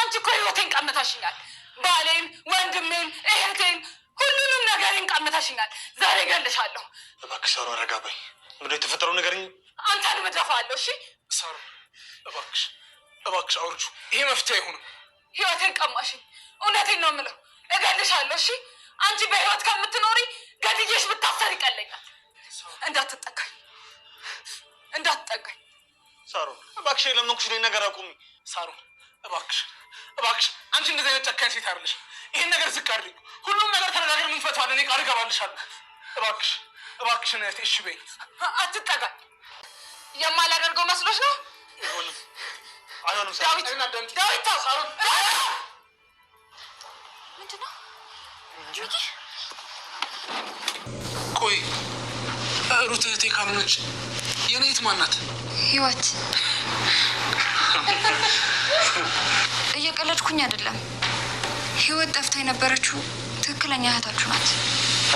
አንቺ እኮ ህይወቴን ቀምታሽኛል። ባሌን፣ ወንድሜን፣ እህቴን፣ ሁሉንም ነገሬን ቀምታሽኛል። ዛሬ እገልሻለሁ። እባክሽ ሳሮ አረጋ በይ። ምንድን የተፈጠረው ነገር አንተን ምደፋለሁ። እሺ ሳሮ እባክሽ፣ እባክሽ አውርጁ። ይሄ መፍትሄ አይሆንም። ህይወቴን ቀማሽኝ። እውነቴን ነው የምለው፣ እገልሻለሁ። እሺ አንቺ በህይወት ከምትኖሪ ገድዬሽ ብታሰር ይቀለኛል። እንዳትጠጋኝ፣ እንዳትጠጋኝ ሳሮን እባክሽ፣ ኩሽኔ ነገር አቁሚ። ሳሮን እባክሽ፣ እባክሽ፣ አንቺ እንደዚህ አይነት ጨካኝ ሴት አይደለሽ። ይሄን ነገር ዝቅ አድርጊ። ሁሉም ነገር ተነጋገር፣ የምንፈታዋለን። ቃል እገባልሻለሁ። እባክሽ፣ እባክሽ እህቴ፣ እሺ በይ። አትጠጋ። የማላደርገው መስሎች ነው። አይሆንም፣ አይሆንም። ዳዊት፣ ዳዊት፣ ተው። ሳሮን ምንድን ነው? ቆይ ሩት እህቴ ካምኖች የኔት ማናት ህይወት። እየቀለድኩኝ አይደለም። ህይወት ጠፍታ የነበረችው ትክክለኛ እህታችሁ ናት።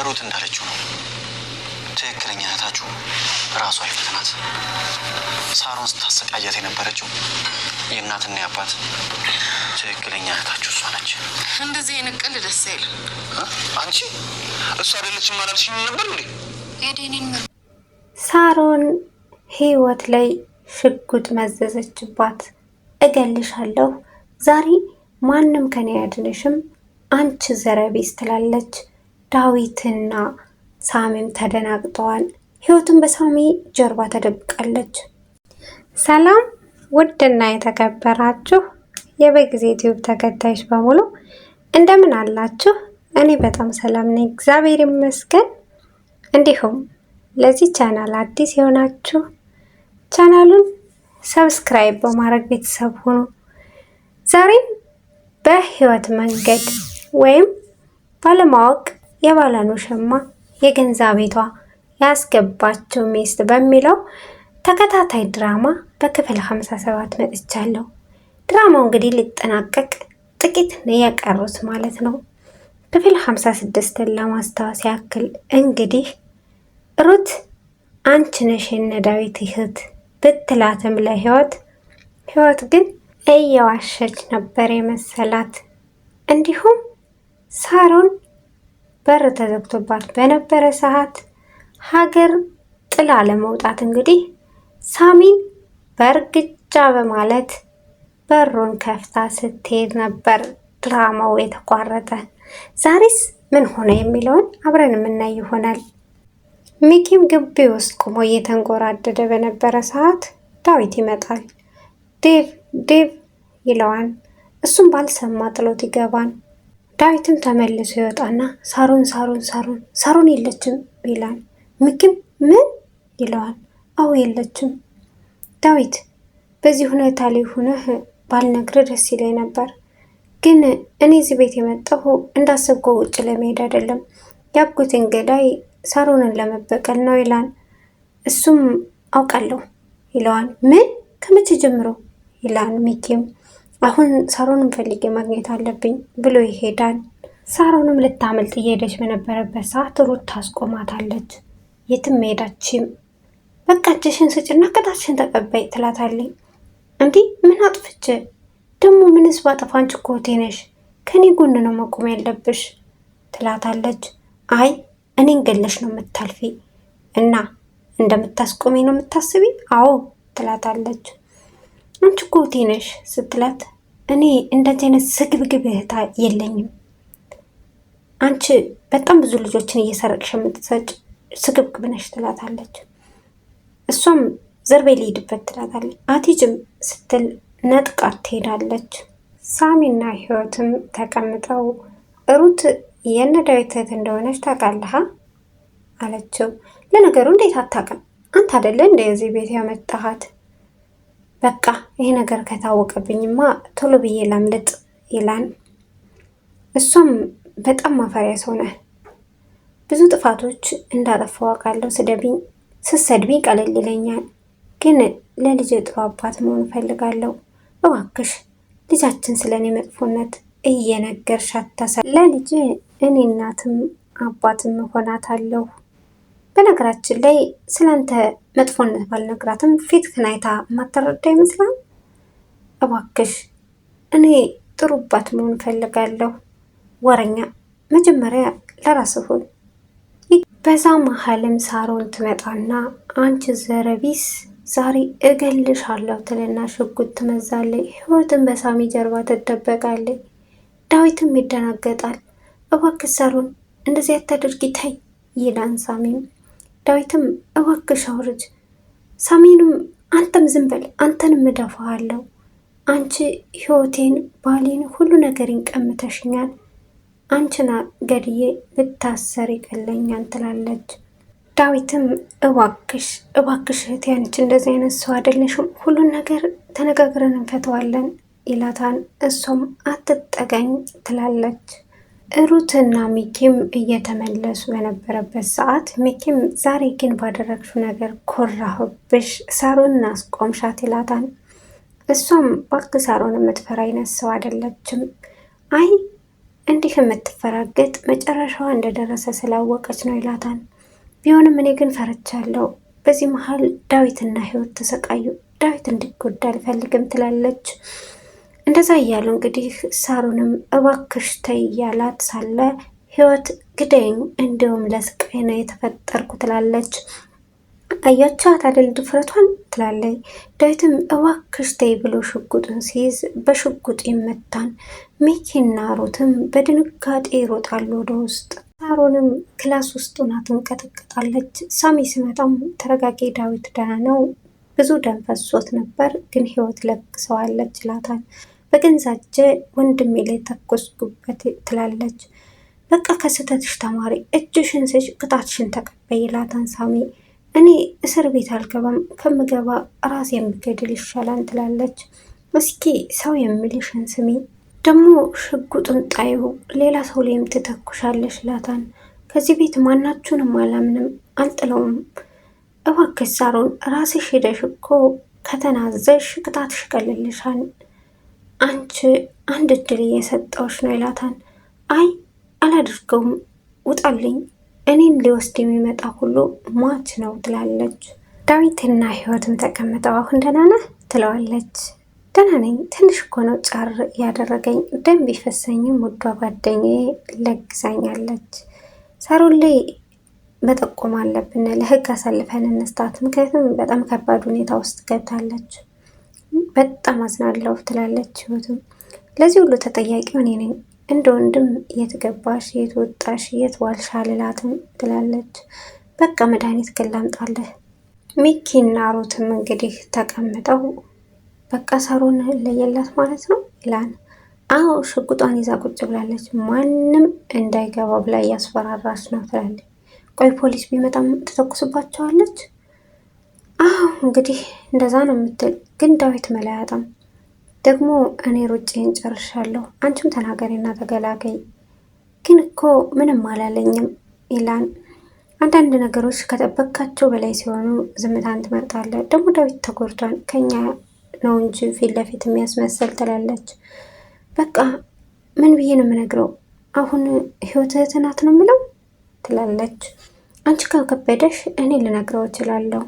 ሩት እንዳለችው ነው። ትክክለኛ እህታችሁ ራሷ ህይወት ናት። ሳሮን ስታሰቃያት የነበረችው የእናትና የአባት ትክክለኛ እህታችሁ እሷ ነች። እንደዚህ አይነት ቀል ደስ አይልም። አንቺ እሷ አይደለችም አላልሽኝ ነበር እንዴ? የዴኔን ምር ሳሮን ህይወት ላይ ሽጉጥ መዘዘችባት። እገልሻለሁ ዛሬ ማንም ከኔ ያድንሽም አንቺ ዘረቤስ ትላለች። ዳዊትና ሳሚም ተደናግጠዋል። ህይወቱን በሳሚ ጀርባ ተደብቃለች። ሰላም ውድና የተከበራችሁ የበጊዜ ዩቲዩብ ተከታዮች በሙሉ እንደምን አላችሁ? እኔ በጣም ሰላም ነኝ፣ እግዚአብሔር ይመስገን። እንዲሁም ለዚህ ቻናል አዲስ የሆናችሁ ቻናሉን ሰብስክራይብ በማድረግ ቤተሰብ ሁኑ። ዛሬም በህይወት መንገድ ወይም ባለማወቅ የባለኑ ሸማ የገንዛ ቤቷ ያስገባቸው ሚስት በሚለው ተከታታይ ድራማ በክፍል 57 መጥቻለሁ። ድራማው እንግዲህ ሊጠናቀቅ ጥቂት ነው የቀሩት ማለት ነው። ክፍል 56ን ለማስታወስ ያክል እንግዲህ ሩት አንቺ ነሽ የነ ዳዊት እህት ብትላትም ለህይወት ህይወት ግን እየዋሸች ነበር የመሰላት። እንዲሁም ሳሮን በር ተዘግቶባት በነበረ ሰዓት ሀገር ጥላ ለመውጣት እንግዲህ ሳሚን በእርግጫ በማለት በሩን ከፍታ ስትሄድ ነበር ድራማው የተቋረጠ። ዛሬስ ምን ሆነ የሚለውን አብረን የምናይ ይሆናል። ሚኪም ግቢ ውስጥ ቆሞ እየተንጎራደደ በነበረ ሰዓት ዳዊት ይመጣል። ዴቭ ዴቭ ይለዋል። እሱም ባልሰማ ጥሎት ይገባል። ዳዊትም ተመልሶ ይወጣና ሳሩን ሳሮን ሳሩን ሳሩን የለችም ይላል። ሚኪም ምን ይለዋል። አዎ የለችም። ዳዊት በዚህ ሁኔታ ላይ ሆነህ ባልነግርህ ደስ ይለኝ ነበር፣ ግን እኔ እዚህ ቤት የመጣሁ እንዳሰብከው ውጭ ለመሄድ አይደለም። ያጎቴን ገዳይ ሳሮንን ለመበቀል ነው ይላል። እሱም አውቃለሁ ይለዋል። ምን ከመቼ ጀምሮ ይላል ሚኪም። አሁን ሳሮንን ፈልጌ ማግኘት አለብኝ ብሎ ይሄዳል። ሳሮንም ልታመልጥ እየሄደች በነበረበት ሰዓት ሩት ታስቆማታለች። የትም መሄዳችም በቃ እጅሽን ስጭና ቅጣትሽን ተቀበይ ትላታለች። እንዲህ ምን አጥፍቼ ደግሞ ምንስ ባጠፋ አንቺ ነሽ ከኔ ጎን ነው መቆም ያለብሽ ትላታለች። አይ እኔን ገለሽ ነው የምታልፊ እና እንደምታስቆሜ ነው የምታስቢ? አዎ ትላታለች። አንቺ እኮ እህቴ ነሽ ስትላት እኔ እንደዚህ አይነት ስግብግብ እህታ የለኝም። አንቺ በጣም ብዙ ልጆችን እየሰረቅሽ የምትሰጭ ስግብግብ ነሽ ትላታለች። እሷም ዘርቤ ሊሄድበት ትላታለች። አትሄጂም ስትል ነጥቃት ትሄዳለች። ሳሚና ህይወትም ተቀምጠው ሩት የነ ዳዊት እህት እንደሆነች ታውቃለህ አለችው። ለነገሩ እንዴት አታውቅም? አንተ አይደለ እንደዚህ ቤት ያመጣሃት? በቃ ይሄ ነገር ከታወቀብኝማ ቶሎ ብዬ ላምልጥ ይላል። እሷም በጣም ማፈሪያ ሰው ነህ፣ ብዙ ጥፋቶች እንዳጠፋው አውቃለሁ። ስደብኝ ስሰድቢኝ ቀለል ይለኛል፣ ግን ለልጅ ጥሩ አባት መሆን እፈልጋለሁ። እባክሽ ልጃችን ስለኔ መጥፎነት እየነገርሻት ታሳ ለልጅ እኔ እናትም አባትም አለው በነገራችን ላይ ስለአንተ መጥፎነት ባልነግራትም ፊት ክናይታ ማተረዳ ይመስላል። እባክሽ እኔ ጥሩ አባት መሆን እፈልጋለሁ። ወረኛ መጀመሪያ ለራስህ ሁን። በዛ መሀልም ሳሮን ትመጣና አንቺ ዘረቢስ ዛሬ እገልሻለሁ ትልና ሽጉጥ ትመዛለች። ህይወትን በሳሚ ጀርባ ትደበቃለች። ዳዊትም ይደናገጣል። እባክሽ ሳሮን እንደዚህ አታድርጊ ተይ ይላን ሳሚም። ዳዊትም እባክሽ አውርጅ። ሳሚንም አንተም ዝም በል አንተንም እደፋሃለሁ። አንቺ ህይወቴን ባሌን፣ ሁሉ ነገሬን ቀምተሽኛል። አንቺና ገድዬ ብታሰር ይቀለኛል ትላለች። ዳዊትም እባክሽ እባክሽ እህቴ አንቺ እንደዚህ አይነት ሰው አይደለሽም። ሁሉን ነገር ተነጋግረን እንፈተዋለን ይላታል። እሱም አትጠገኝ ትላለች። ሩትና ሚኪም እየተመለሱ በነበረበት ሰዓት ሚኪም ዛሬ ግን ባደረግሽው ነገር ኮራሁብሽ፣ ሳሮን አስቆምሻት ይላታል። እሷም እባክህ ሳሮን የምትፈራ አይነት ሰው አይደለችም። አይ እንዲህ የምትፈራገጥ መጨረሻዋ እንደደረሰ ስላወቀች ነው ይላታል። ቢሆንም እኔ ግን ፈርቻለሁ። በዚህ መሀል ዳዊትና ህይወት ተሰቃዩ። ዳዊት እንዲጎዳ አልፈልግም ትላለች። እንደዛ እያሉ እንግዲህ ሳሩንም እባክሽ ተይ እያላት ሳለ ህይወት ግደኝ፣ እንዲሁም ለስቃይ ነው የተፈጠርኩ ትላለች። አያችኋት አይደል ድፍረቷን ትላለች። ዳዊትም እባክሽ ተይ ብሎ ሽጉጡን ሲይዝ በሽጉጥ ይመታን። ሚኪና ሩትም በድንጋጤ ይሮጣሉ ወደ ውስጥ። ሳሮንም ክላስ ውስጥ ሆና ትንቀጠቀጣለች። ሳሚ ሲመጣም ተረጋጊ ዳዊት ደህና ነው፣ ብዙ ደም ፈሶት ነበር ግን ህይወት ለግሰዋለች ይላታል። በገንዛጀ ወንድሜ ላይ ተኮስኩበት ትላለች። በቃ ከስህተትሽ ተማሪ እጅሽን ስጭ፣ ቅጣትሽን ተቀበይ ይላታን ሳሚ። እኔ እስር ቤት አልገባም፣ ከምገባ ራስ የምገድል ይሻላል ትላለች። እስኪ ሰው የምልሽን ስሚ፣ ደግሞ ሽጉጡን ጣይው፣ ሌላ ሰው ላይም ትተኩሻለሽ ይላታን። ከዚህ ቤት ማናችሁንም አላምንም፣ አልጥለውም። እባክሽ ሳሮን ራስሽ ሄደሽ እኮ ከተናዘሽ ቅጣትሽ ቀልልሻል አንቺ አንድ እድል እየሰጠሁሽ ነው ይላታል። አይ አላደርገውም፣ ውጣልኝ፣ እኔን ሊወስድ የሚመጣ ሁሉ ሟች ነው ትላለች። ዳዊትና ህይወትም ተቀምጠው አሁን ደህና ነህ ትለዋለች። ደህና ነኝ፣ ትንሽ እኮ ነው ጫር ያደረገኝ፣ ደም ቢፈሰኝም ውዷ ጓደኛዬ ለግዛኛለች። ሳሮን ላይ መጠቆም አለብን፣ ለህግ አሳልፈን እንስጣት፣ ምክንያቱም በጣም ከባድ ሁኔታ ውስጥ ገብታለች። በጣም አዝናለሁ ትላለች ህይወትም። ለዚህ ሁሉ ተጠያቂው እኔ ነኝ። እንደ ወንድም የት ገባሽ፣ የት ወጣሽ፣ የት ዋልሽ አልላትም ትላለች። በቃ መድኃኒት ግን ሚኪና ሩትም እንግዲህ ተቀምጠው በቃ ሰሩን ለየላት ማለት ነው ይላል። አዎ ሽጉጧን ይዛ ቁጭ ብላለች። ማንም እንዳይገባ ብላ እያስፈራራች ነው ትላለች። ቆይ ፖሊስ ቢመጣም ትተኩስባቸዋለች። አሁ እንግዲህ እንደዛ ነው የምትል ግን ዳዊት መላያጣም ደግሞ እኔ ሩጭን ጨርሻለሁ፣ አንቺም ተናገሪና ተገላገይ። ግን እኮ ምንም አላለኝም ይላል። አንዳንድ ነገሮች ከጠበካቸው በላይ ሲሆኑ ዝምታን ትመርጣለህ። ደግሞ ዳዊት ተጎድቷል፣ ከኛ ነው እንጂ ፊት ለፊት የሚያስመሰል ትላለች። በቃ ምን ብዬ ነው የምነግረው? አሁን ህይወት እህትናት ነው የምለው ትላለች። አንቺ ከከበደሽ እኔ ልነግረው እችላለሁ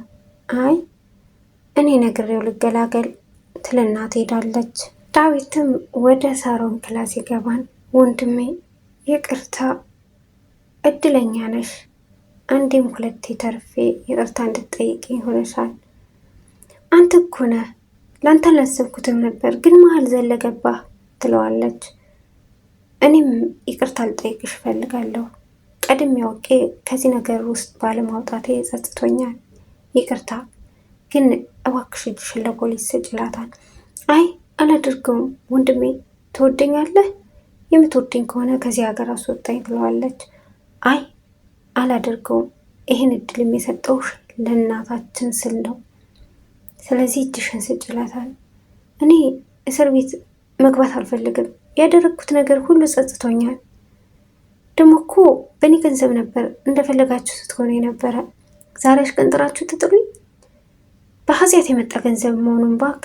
አይ እኔ ነግሬው ልገላገል ትልና ትሄዳለች። ዳዊትም ወደ ሳሮን ክላስ ይገባን ወንድሜ ይቅርታ፣ እድለኛ ነሽ፣ አንዴም ሁለቴ ተርፌ ይቅርታ እንድትጠይቂ ይሆነሻል። አንተ እኮ ነህ ለአንተ አላሰብኩትም ነበር፣ ግን መሀል ዘለገባ ትለዋለች። እኔም ይቅርታ ልጠይቅሽ እፈልጋለሁ። ቀድሜ አውቄ ከዚህ ነገር ውስጥ ባለማውጣቴ ጸጽቶኛል። ይቅርታ ግን እባክሽ እጅሽን ለፖሊስ ስጭ ይላታል። አይ አላደርገውም ወንድሜ ትወደኛለህ? የምትወደኝ ከሆነ ከዚህ ሀገር አስወጣኝ ትለዋለች። አይ አላደርገውም ይህን እድል የሚሰጠውሽ ለእናታችን ስል ነው። ስለዚህ እጅሽን ስጭ ይላታል። እኔ እስር ቤት መግባት አልፈልግም። ያደረግኩት ነገር ሁሉ ጸጽቶኛል። ደግሞ እኮ በእኔ ገንዘብ ነበር እንደፈለጋችሁ ስትሆነ የነበረ ዛሬ አሽቀንጥራችሁ ትጥሉኝ? በሀዚያት የመጣ ገንዘብ መሆኑን ባክ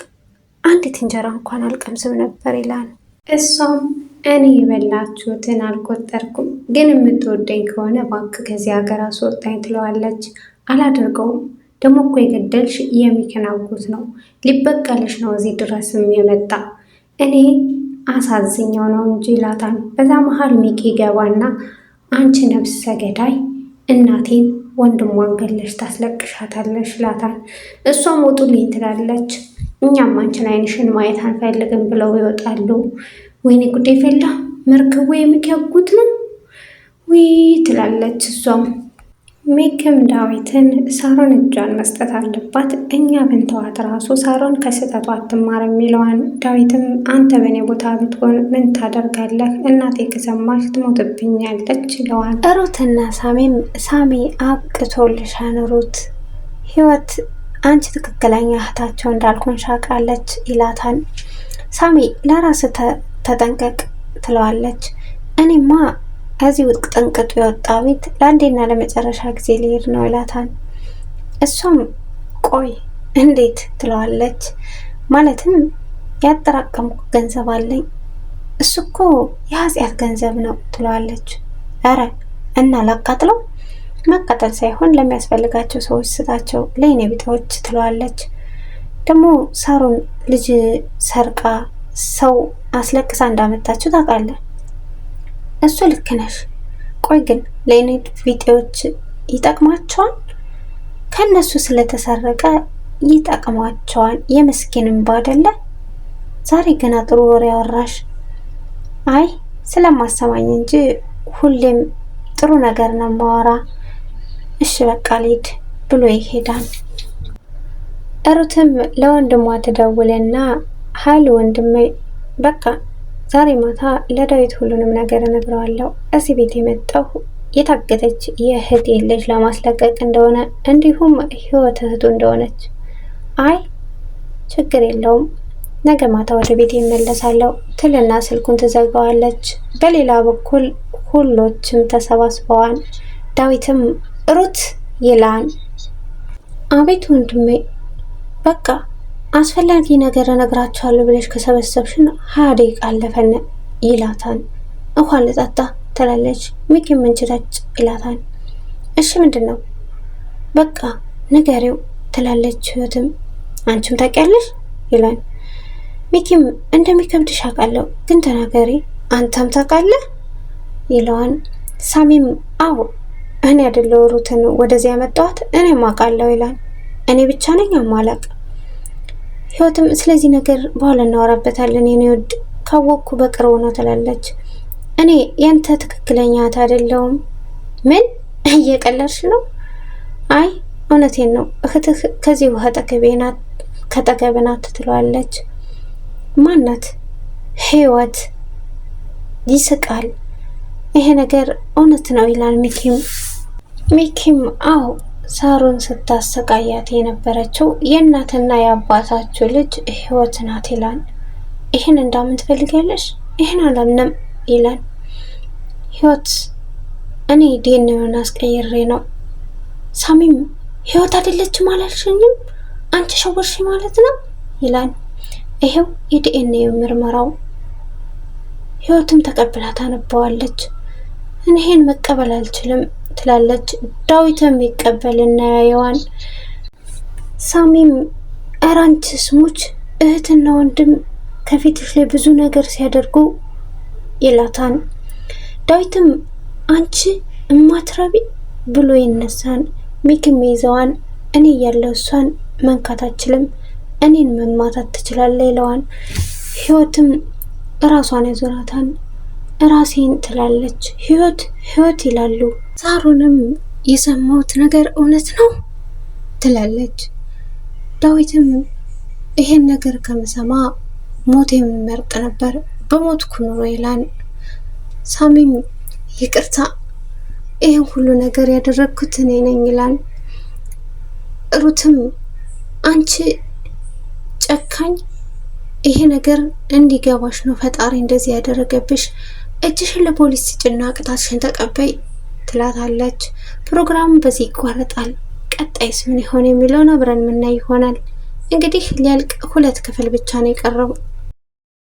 አንዲት እንጀራ እንኳን አልቀምስም ነበር ይላል። እሷም እኔ የበላችሁትን አልቆጠርኩም፣ ግን የምትወደኝ ከሆነ ባክ ከዚህ ሀገር አስወጣኝ ትለዋለች። አላደርገውም ደሞ እኮ የገደልሽ የሚከናጉት ነው፣ ሊበቀልሽ ነው እዚህ ድረስም የመጣ እኔ አሳዝኛው ነው እንጂ ይላታል። በዛ መሀል ሚኪ ገባና አንቺ ነብስ ሰገዳይ እናቴን ወንድሟን ገለሽ ታስለቅሻታለሽ ይላታል። እሷም ውጡልኝ ትላለች። እኛም አንቺን አይንሽን ማየት አንፈልግም ብለው ይወጣሉ። ወይኔ ጉዴ ፈላ መርከብ የሚያጉት ነው ውይ ትላለች እሷም ሜክም ዳዊትን ሳሮን እጇን መስጠት አለባት፣ እኛ ብንተዋት ራሱ ሳሮን ከስህተቷ አትማር የሚለዋን ዳዊትም አንተ በእኔ ቦታ ብትሆን ምን ታደርጋለህ? እናቴ ከሰማች ትሞትብኛለች ይለዋል። ሩትና ሳሜም ሳሜ አብቅቶልሻል ሩት ህይወት አንቺ ትክክለኛ እህታቸው እንዳልኩን ሻቃለች ይላታል። ሳሜ ለራስ ተጠንቀቅ ትለዋለች። እኔማ ከዚህ ውድቅ ጥንቅጡ የወጣ ቤት ለአንዴና ለመጨረሻ ጊዜ ሊሄድ ነው ይላታል። እሷም ቆይ እንዴት ትለዋለች። ማለትም ያጠራቀምኩ ገንዘብ አለኝ እሱ እኮ የኃጢአት ገንዘብ ነው ትለዋለች። ኧረ እና ላቃጥለው ማቃጠል ሳይሆን ለሚያስፈልጋቸው ሰዎች ስጣቸው፣ ለእኔ ቢጤዎች ትለዋለች። ደግሞ ሳሩን ልጅ ሰርቃ ሰው አስለቅሳ እንዳመጣችሁ ታውቃለህ። እሱ ልክ ነሽ። ቆይ ግን ለኔት ቢጤዎች ይጠቅማቸዋል? ከነሱ ስለተሰረቀ ይጠቅማቸዋል። የምስኪን ባደለ ዛሬ ገና ጥሩ ወሬ አወራሽ። አይ ስለማሰማኝ እንጂ ሁሌም ጥሩ ነገር ነው ማወራ። እሺ በቃ ልሂድ ብሎ ይሄዳል። እሩትም ለወንድሟ ትደውልና ሀል ወንድሜ፣ በቃ ዛሬ ማታ ለዳዊት ሁሉንም ነገር እነግረዋለሁ። እዚህ ቤት የመጣሁ የታገተች የእህቴ ልጅ ለማስለቀቅ እንደሆነ እንዲሁም ህይወት እህቱ እንደሆነች። አይ ችግር የለውም ነገ ማታ ወደ ቤት ይመለሳለሁ ትልና ስልኩን ትዘጋዋለች። በሌላ በኩል ሁሎችም ተሰባስበዋል። ዳዊትም ሩት ይላል። አቤት ወንድሜ፣ በቃ አስፈላጊ ነገር እነግራቸዋለሁ ብለሽ ከሰበሰብሽን ሀያ ደቂቃ አለፈን ይላታል። ውሃ ልጠጣ ትላለች። ምግብ ምንችታጭ ይላታል። እሺ ምንድን ነው በቃ ንገሪው ትላለች። ህይወትም አንቺም ታውቂያለሽ ይላል። ሚኪም እንደሚከብድሽ አውቃለሁ ግን ተናገሪ፣ አንተም ታውቃለህ ይለዋል። ሳሚም አዎ እኔ አይደለሁ ሩትን ወደዚያ ያመጣኋት እኔም አውቃለሁ ይላል። እኔ ብቻ ነኝ አማላቅ ህይወትም ስለዚህ ነገር በኋላ እናወራበታለን የኔ ውድ ካወቅኩ በቅርቡ ነው ትላለች። እኔ ያንተ ትክክለኛ እህት አይደለሁም። ምን እየቀለድሽ ነው? አይ እውነቴን ነው እህትህ ከዚሁ ከጠገብ ናት ትለዋለች። ማናት? ህይወት ይስቃል። ይሄ ነገር እውነት ነው ይላል ሚኪም። ሚኪም አዎ ሳሩን ስታሰቃያት የነበረችው የእናትና የአባታችሁ ልጅ ህይወት ናት ይላል። ይህን እንዳምን ትፈልጊያለሽ? ይህን አላምንም ይላል። ህይወት እኔ ዲኤንኤውን አስቀይሬ ነው። ሳሚም ህይወት አይደለችም አላልሽኝም? አንቺ ሸወርሽ ማለት ነው ይላል። ይሄው የዲኤንኤ ምርመራው ህይወትም ተቀብላ ታነበዋለች። እኔህን መቀበል አልችልም ትላለች። ዳዊትም ይቀበል እናያየዋል። ሳሚም ኧረ አንቺ ስሙች እህትና ወንድም ከፊትሽ ላይ ብዙ ነገር ሲያደርጉ ይላታን ዳዊትም አንቺ እማትረቢ ብሎ ይነሳን። ሚክም ይዘዋን እኔ እያለሁ እሷን መንካት አችልም እኔን መማታት ትችላለ ይለዋል። ህይወትም ራሷን ያዞናታን። እራሴን ትላለች። ህይወት ህይወት ይላሉ። ሳሩንም የሰማሁት ነገር እውነት ነው ትላለች። ዳዊትም ይሄን ነገር ከምሰማ ሞት የምመርጥ ነበር በሞትኩ ኑሮ ይላል። ሳሚም ይቅርታ ይህን ሁሉ ነገር ያደረግኩት እኔ ነኝ ይላል። ሩትም አንቺ ጨካኝ፣ ይሄ ነገር እንዲገባሽ ነው ፈጣሪ እንደዚህ ያደረገብሽ እጅሽን ለፖሊስ ስጭና ቅጣትሽን ተቀበይ ትላታለች። ፕሮግራሙ በዚህ ይቋረጣል። ቀጣይስ ምን ይሆን የሚለውን አብረን የምናይ ይሆናል። እንግዲህ ሊያልቅ ሁለት ክፍል ብቻ ነው የቀረው።